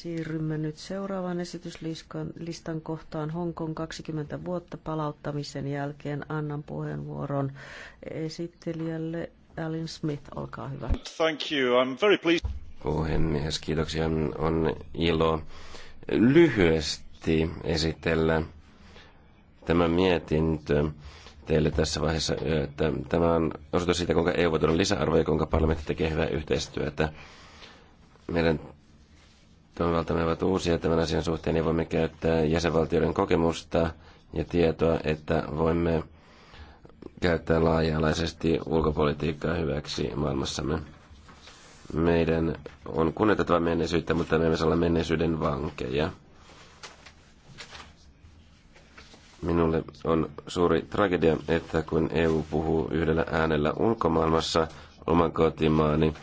Siirrymme nyt seuraavaan esityslistan kohtaan Hongkong 20 vuotta palauttamisen jälkeen. Annan puheenvuoron esittelijälle Alan Smith, olkaa hyvä. Thank you. I'm very pleased. Puhemies, kiitoksia. On ilo lyhyesti esitellä tämä mietintö teille tässä vaiheessa, että tämä on osoitus siitä, kuinka EU voi tuoda lisäarvoa ja kuinka parlamentti tekee hyvää yhteistyötä. Meidän toimivaltamme ovat uusia tämän asian suhteen niin voimme käyttää jäsenvaltioiden kokemusta ja tietoa, että voimme käyttää laaja-alaisesti ulkopolitiikkaa hyväksi maailmassamme. Meidän on kunnioitettava menneisyyttä, mutta me emme saa olla menneisyyden vankeja. Minulle on suuri tragedia, että kun EU puhuu yhdellä äänellä ulkomaailmassa, oman kotimaani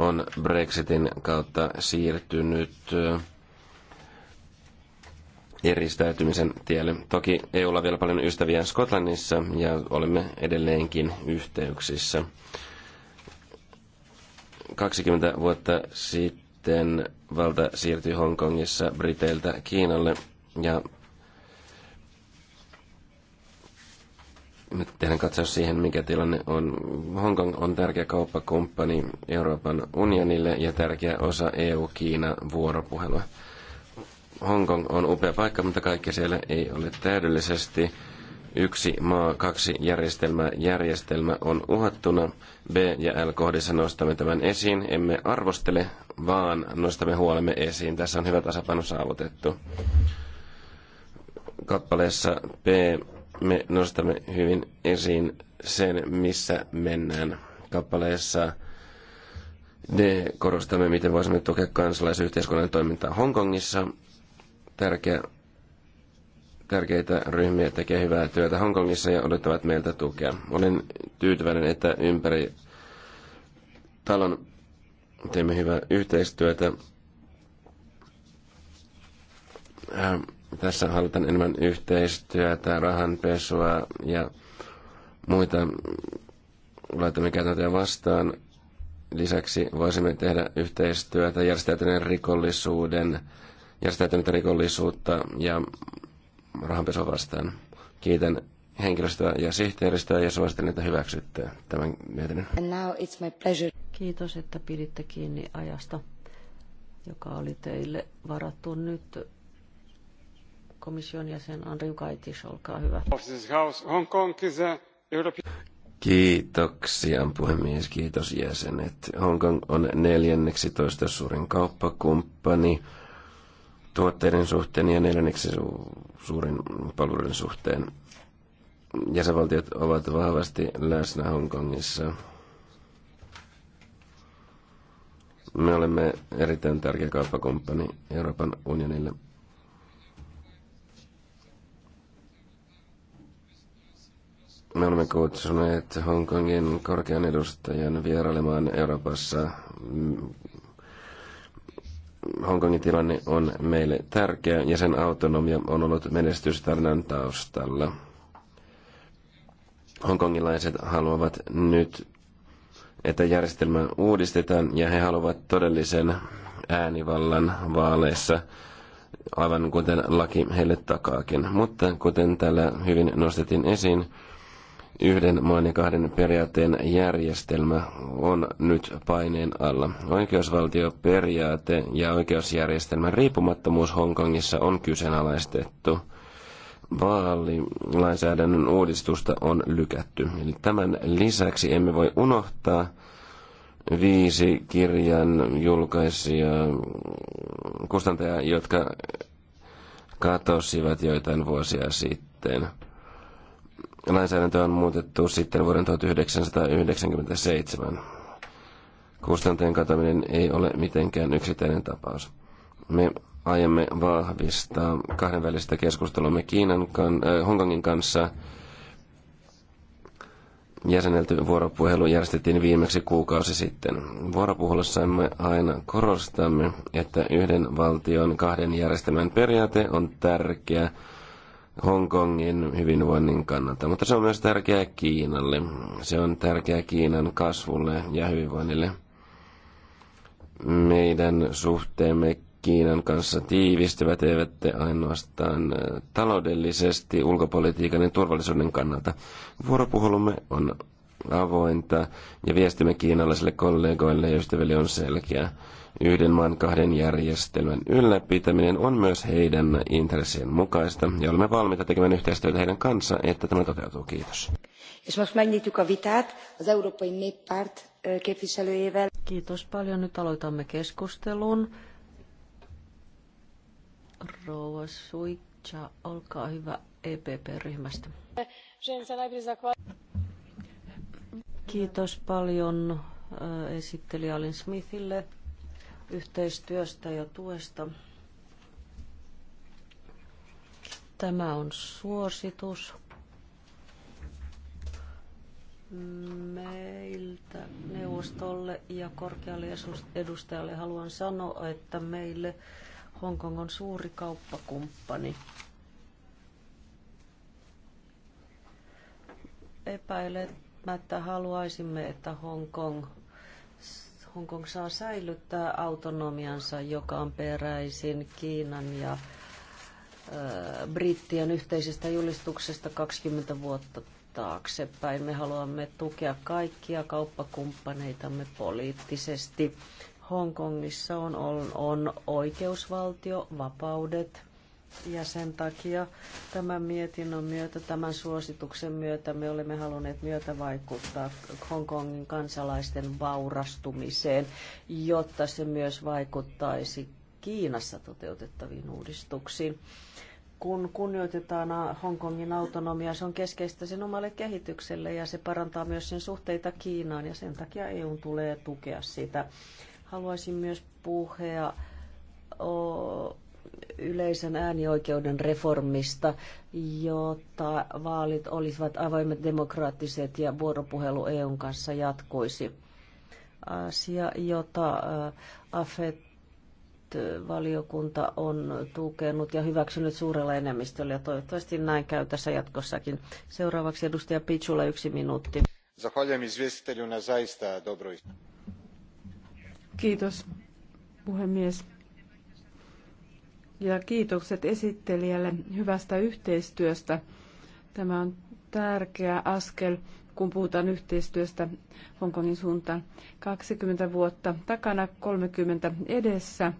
on Brexitin kautta siirtynyt äh, eristäytymisen tielle. Toki ei on vielä paljon ystäviä Skotlannissa ja olemme edelleenkin yhteyksissä. 20 vuotta sitten valta siirtyi Hongkongissa Briteiltä Kiinalle ja Nyt tehdään katsaus siihen, mikä tilanne on. Hongkong on tärkeä kauppakumppani Euroopan unionille ja tärkeä osa EU-Kiina-vuoropuhelua. Hongkong on upea paikka, mutta kaikki siellä ei ole täydellisesti. Yksi maa, kaksi järjestelmä, Järjestelmä on uhattuna. B ja L kohdissa nostamme tämän esiin. Emme arvostele, vaan nostamme huolemme esiin. Tässä on hyvä tasapaino saavutettu. Kappaleessa B me nostamme hyvin esiin sen, missä mennään kappaleessa. D korostamme, miten voisimme tukea kansalaisyhteiskunnan toimintaa Hongkongissa. Tärkeä, tärkeitä ryhmiä tekee hyvää työtä Hongkongissa ja odottavat meiltä tukea. Olen tyytyväinen, että ympäri talon teemme hyvää yhteistyötä. Ähm tässä halutaan enemmän yhteistyötä, rahanpesua ja muita laitamme käytäntöjä vastaan. Lisäksi voisimme tehdä yhteistyötä järjestäytyneen rikollisuuden, järjestäytynyttä rikollisuutta ja rahanpesua vastaan. Kiitän henkilöstöä ja sihteeristöä ja suosittelen, että hyväksytte tämän mietinnön. Kiitos, että piditte kiinni ajasta, joka oli teille varattu nyt komission jäsen Andriu Kaitis, olkaa hyvä. Kiitoksia puhemies, kiitos jäsenet. Hongkong on neljänneksi toista suurin kauppakumppani tuotteiden suhteen ja neljänneksi su- suurin palveluiden suhteen. Jäsenvaltiot ovat vahvasti läsnä Hongkongissa. Me olemme erittäin tärkeä kauppakumppani Euroopan unionille. Me olemme kutsuneet Hongkongin korkean edustajan vierailemaan Euroopassa. Hongkongin tilanne on meille tärkeä ja sen autonomia on ollut menestystarinan taustalla. Hongkongilaiset haluavat nyt, että järjestelmä uudistetaan ja he haluavat todellisen äänivallan vaaleissa aivan kuten laki heille takaakin. Mutta kuten täällä hyvin nostettiin esiin, yhden maan ja kahden periaatteen järjestelmä on nyt paineen alla. Oikeusvaltioperiaate ja oikeusjärjestelmän riippumattomuus Hongkongissa on kyseenalaistettu. Vaalilainsäädännön uudistusta on lykätty. Eli tämän lisäksi emme voi unohtaa viisi kirjan julkaisia kustantajaa, jotka katosivat joitain vuosia sitten – lainsäädäntö on muutettu sitten vuoden 1997. Kustanteen katoaminen ei ole mitenkään yksittäinen tapaus. Me aiomme vahvistaa kahdenvälistä keskustelumme Kiinan kan, äh, Hongkongin kanssa. Jäsenelty vuoropuhelu järjestettiin viimeksi kuukausi sitten. Vuoropuhelussamme aina korostamme, että yhden valtion kahden järjestelmän periaate on tärkeä Hongkongin hyvinvoinnin kannalta, mutta se on myös tärkeää Kiinalle. Se on tärkeää Kiinan kasvulle ja hyvinvoinnille. Meidän suhteemme Kiinan kanssa tiivistyvät, eivät ainoastaan taloudellisesti, ulkopolitiikan ja turvallisuuden kannalta. Vuoropuhelumme on avointa ja viestimme kiinalaisille kollegoille ja ystäville on selkeä. Yhden maan kahden järjestelmän ylläpitäminen on myös heidän intressien mukaista ja olemme valmiita tekemään yhteistyötä heidän kanssa, että tämä toteutuu. Kiitos. Kiitos paljon. Nyt aloitamme keskustelun. Rouva Suitsa, olkaa hyvä EPP-ryhmästä. Kiitos paljon äh, esittelijä Alin Smithille yhteistyöstä ja tuesta. Tämä on suositus meiltä neuvostolle ja korkealle edustajalle haluan sanoa, että meille Hongkong on suuri kauppakumppani. Epäilet välttämättä haluaisimme, että Hongkong Kong saa säilyttää autonomiansa, joka on peräisin Kiinan ja brittien yhteisestä julistuksesta 20 vuotta taaksepäin. Me haluamme tukea kaikkia kauppakumppaneitamme poliittisesti. Hongkongissa on, on, on oikeusvaltio, vapaudet, ja sen takia tämän mietinnön myötä, tämän suosituksen myötä me olemme halunneet myötä vaikuttaa Hongkongin kansalaisten vaurastumiseen, jotta se myös vaikuttaisi Kiinassa toteutettaviin uudistuksiin. Kun kunnioitetaan Hongkongin autonomiaa, se on keskeistä sen omalle kehitykselle ja se parantaa myös sen suhteita Kiinaan ja sen takia EU tulee tukea sitä. Haluaisin myös puhua yleisen äänioikeuden reformista, jotta vaalit olisivat avoimet demokraattiset ja vuoropuhelu EUn kanssa jatkuisi. Asia, jota äh, AFET valiokunta on tukenut ja hyväksynyt suurella enemmistöllä ja toivottavasti näin käy tässä jatkossakin. Seuraavaksi edustaja Pitsula yksi minuutti. Kiitos puhemies ja kiitokset esittelijälle hyvästä yhteistyöstä. Tämä on tärkeä askel, kun puhutaan yhteistyöstä Hongkongin suuntaan. 20 vuotta takana, 30 edessä.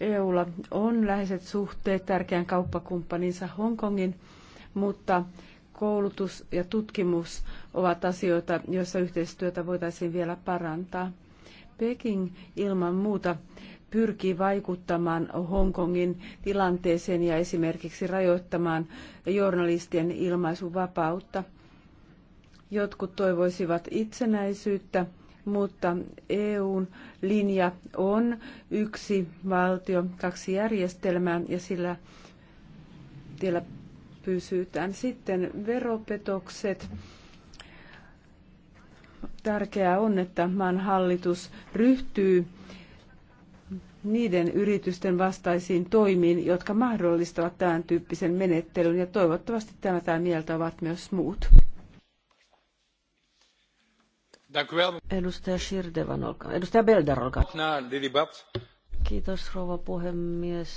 EUlla on läheiset suhteet tärkeän kauppakumppaninsa Hongkongin, mutta koulutus ja tutkimus ovat asioita, joissa yhteistyötä voitaisiin vielä parantaa. Peking ilman muuta pyrkii vaikuttamaan Hongkongin tilanteeseen ja esimerkiksi rajoittamaan journalistien ilmaisuvapautta. Jotkut toivoisivat itsenäisyyttä, mutta EUn linja on yksi valtio, kaksi järjestelmää ja sillä tiellä pysytään. Sitten veropetokset. Tärkeää on, että maan hallitus ryhtyy niiden yritysten vastaisiin toimiin, jotka mahdollistavat tämän tyyppisen menettelyn, ja toivottavasti tätä mieltä ovat myös muut. Edustaja Shirdevan, olkaa. Edustaja Belder, olkaa. Kiitos, rouva puhemies.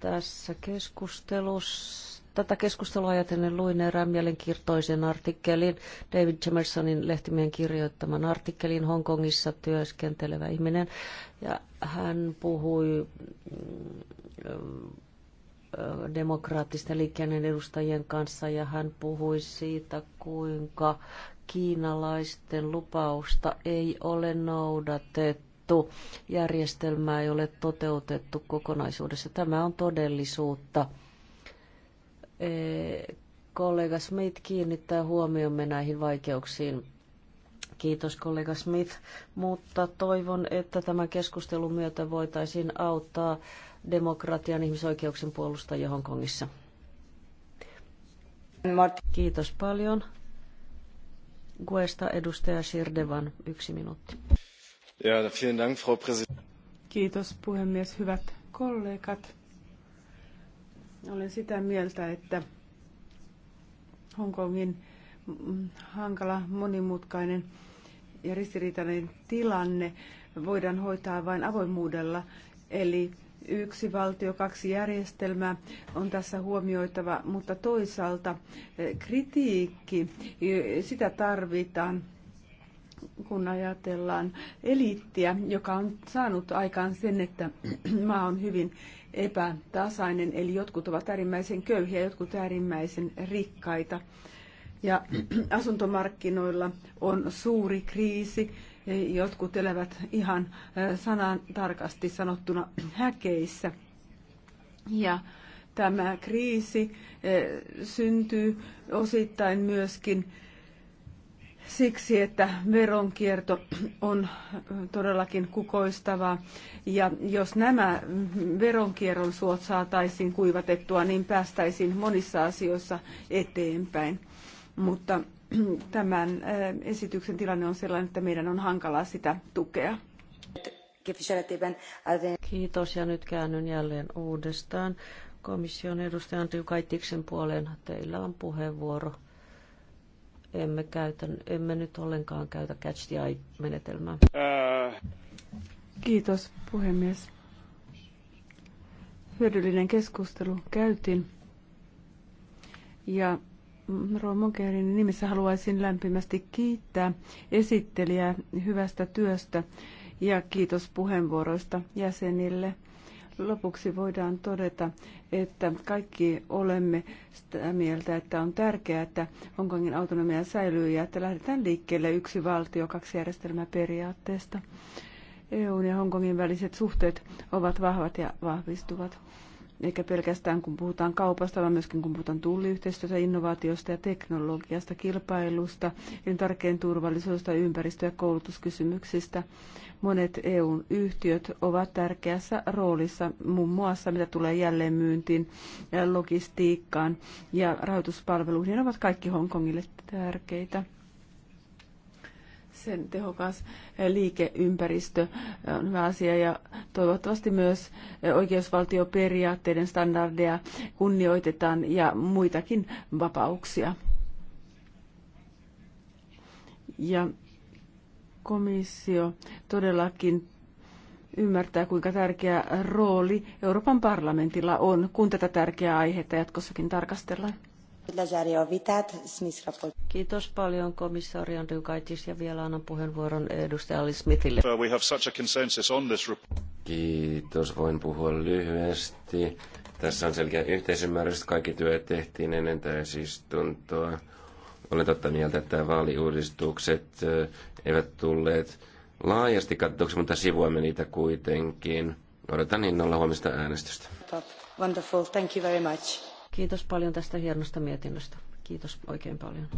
Tässä keskustelussa tätä keskustelua ajatellen luin erään mielenkiintoisen artikkelin, David Jamersonin lehtimien kirjoittaman artikkelin Hongkongissa työskentelevä ihminen. Ja hän puhui mm, demokraattisten liikkeiden edustajien kanssa ja hän puhui siitä, kuinka kiinalaisten lupausta ei ole noudatettu. Järjestelmää ei ole toteutettu kokonaisuudessa. Tämä on todellisuutta kollega Smith kiinnittää huomiomme näihin vaikeuksiin. Kiitos kollega Smith, mutta toivon, että tämän keskustelun myötä voitaisiin auttaa demokratian ihmisoikeuksien puolustajia Hongkongissa. Kiitos paljon. Guesta edustaja Sirdevan, yksi minuutti. Ja, vielen Dank, Frau Kiitos puhemies, hyvät kollegat. Olen sitä mieltä, että Hongkongin mm, hankala, monimutkainen ja ristiriitainen tilanne voidaan hoitaa vain avoimuudella. Eli yksi valtio, kaksi järjestelmää on tässä huomioitava, mutta toisaalta eh, kritiikki, eh, sitä tarvitaan kun ajatellaan eliittiä, joka on saanut aikaan sen, että maa on hyvin epätasainen, eli jotkut ovat äärimmäisen köyhiä, jotkut äärimmäisen rikkaita. Ja asuntomarkkinoilla on suuri kriisi, jotkut elävät ihan sanan tarkasti sanottuna häkeissä. Ja tämä kriisi syntyy osittain myöskin siksi, että veronkierto on todellakin kukoistavaa. Ja jos nämä veronkierron suot saataisiin kuivatettua, niin päästäisiin monissa asioissa eteenpäin. Mutta tämän äh, esityksen tilanne on sellainen, että meidän on hankalaa sitä tukea. Kiitos ja nyt käännyn jälleen uudestaan komission edustajan Andriu Kaitiksen puoleen. Teillä on puheenvuoro emme, käytä, emme nyt ollenkaan käytä catch the eye-menetelmää. Kiitos puhemies. Hyödyllinen keskustelu käytiin. Ja Romonkerin nimissä haluaisin lämpimästi kiittää esittelijää hyvästä työstä ja kiitos puheenvuoroista jäsenille. Lopuksi voidaan todeta, että kaikki olemme sitä mieltä, että on tärkeää, että Hongkongin autonomia säilyy ja että lähdetään liikkeelle yksi valtio, kaksi järjestelmää periaatteesta. EUn ja Hongkongin väliset suhteet ovat vahvat ja vahvistuvat eikä pelkästään kun puhutaan kaupasta, vaan myöskin kun puhutaan tulliyhteistyöstä, innovaatiosta ja teknologiasta, kilpailusta, elintarkeen turvallisuudesta, ympäristö- ja koulutuskysymyksistä. Monet EUn yhtiöt ovat tärkeässä roolissa muun muassa, mitä tulee jälleenmyyntiin, logistiikkaan ja rahoituspalveluihin. Ne ovat kaikki Hongkongille tärkeitä sen tehokas eh, liikeympäristö eh, on hyvä asia ja toivottavasti myös eh, oikeusvaltioperiaatteiden standardeja kunnioitetaan ja muitakin vapauksia. Ja komissio todellakin ymmärtää, kuinka tärkeä rooli Euroopan parlamentilla on, kun tätä tärkeää aihetta jatkossakin tarkastellaan. Kiitos paljon komissaari Andriukaitis ja vielä annan puheenvuoron edustaja Ali Smithille. Kiitos, voin puhua lyhyesti. Tässä on selkeä yhteisymmärrys. Kaikki työ tehtiin ennen täysistuntoa. Olen totta mieltä, että vaaliuudistukset eivät tulleet laajasti katsotuksi, mutta sivuamme niitä kuitenkin. Odotan innolla huomista äänestystä. Wonderful. Thank you very much. Kiitos paljon tästä hienosta mietinnöstä. Kiitos oikein paljon.